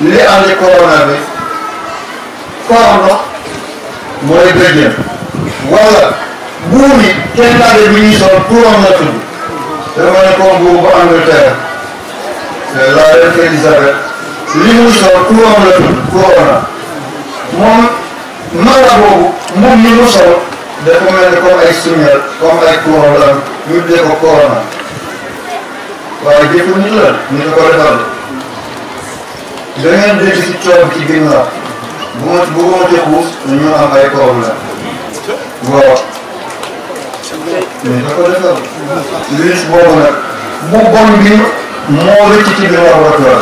li lay ànd ak coronavirus kooram ndox mooy deuxième wala buum yi kenn daal bi ñuy sol kooram la tudd dama ne ko buum ba Angleterre la reine Elisabeth li muy sol kooram la tudd corona moom mala boobu moom mu sol dafa mel ni comme ay suñel comme ay kooram la ñu dee ko corona waaye jëfu nit la ñu ko defal beneen dégg si coono ci ginnaaw bu ma bu ma tegu ñu am ay problème waaw. mais da ko defal. virus boobu nag bu bon bi moo rëcc ci ginnaaw ba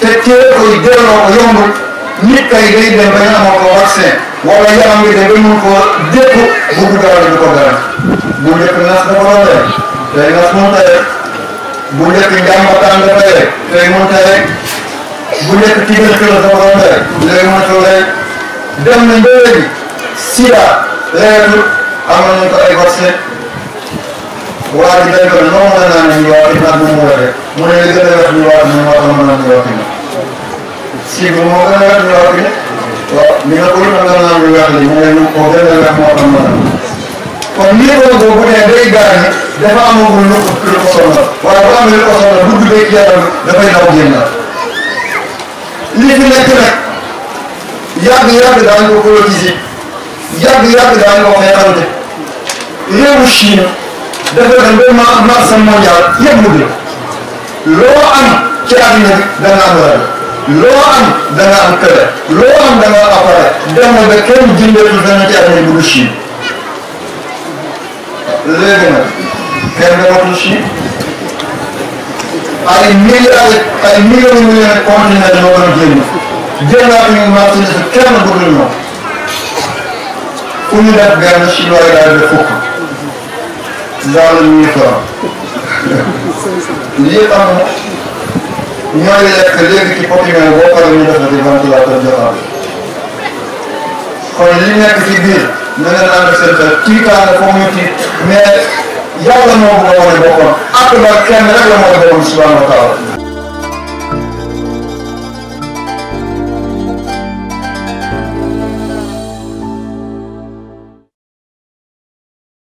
te teel koy delloo ko yombul nit kay day dem ba ñu amoon ko vaccin wala yaram bi de ba ñu ko dépp bu ko daal di ko gën a. bu njëkk nas dafa remonter bu nekk Ticmbay Kër sama remonter remonter dem nañ ba léegi Sida leerlu amoon nañ ko ay vaccin waa ji day ko non mën naa ne ñu waa ci naat moom moo rek mu ne gën a wax ñu waa ñu waa mën naa ñu waa fi si bu moo gën a wax ñu waa fi waaw ñu ne ko lu tax nga naan lu weex li mu ne ñu ko gën a wax moo xam mën kon lii boobu bu dee day gaañ dafa amagul lu lu ko sonal bu amee lu ko sonal dugg beeg yaram dafay daw génn li fi nekk nag yàgg yàgg daan Ne coloniser yàgg yàgg daan ko xeexante réewu Chine dafa dem ba ma marché mondial yëpp mu dee loo am ci àddina bi da nga am rajo loo am da nga am kële loo am léegi nag kenn dootul si ay milliards ay millions yu ñu ne continué ñoo war a génn jëndaat ñu marchandise kenn bëggul ñoom fu ñu def benn chinois yi daal di fukk daal di ñuy faral lii am ñooy lekk léegi ci populaire boo paree ñu def la di vingt la kon li nekk ci biir. ñu ne naa def seen xel tiitaane fa muy tiit mais yàlla moo ko wane boppam ak la kenn rek la moo ko boppam subhanahu wa taala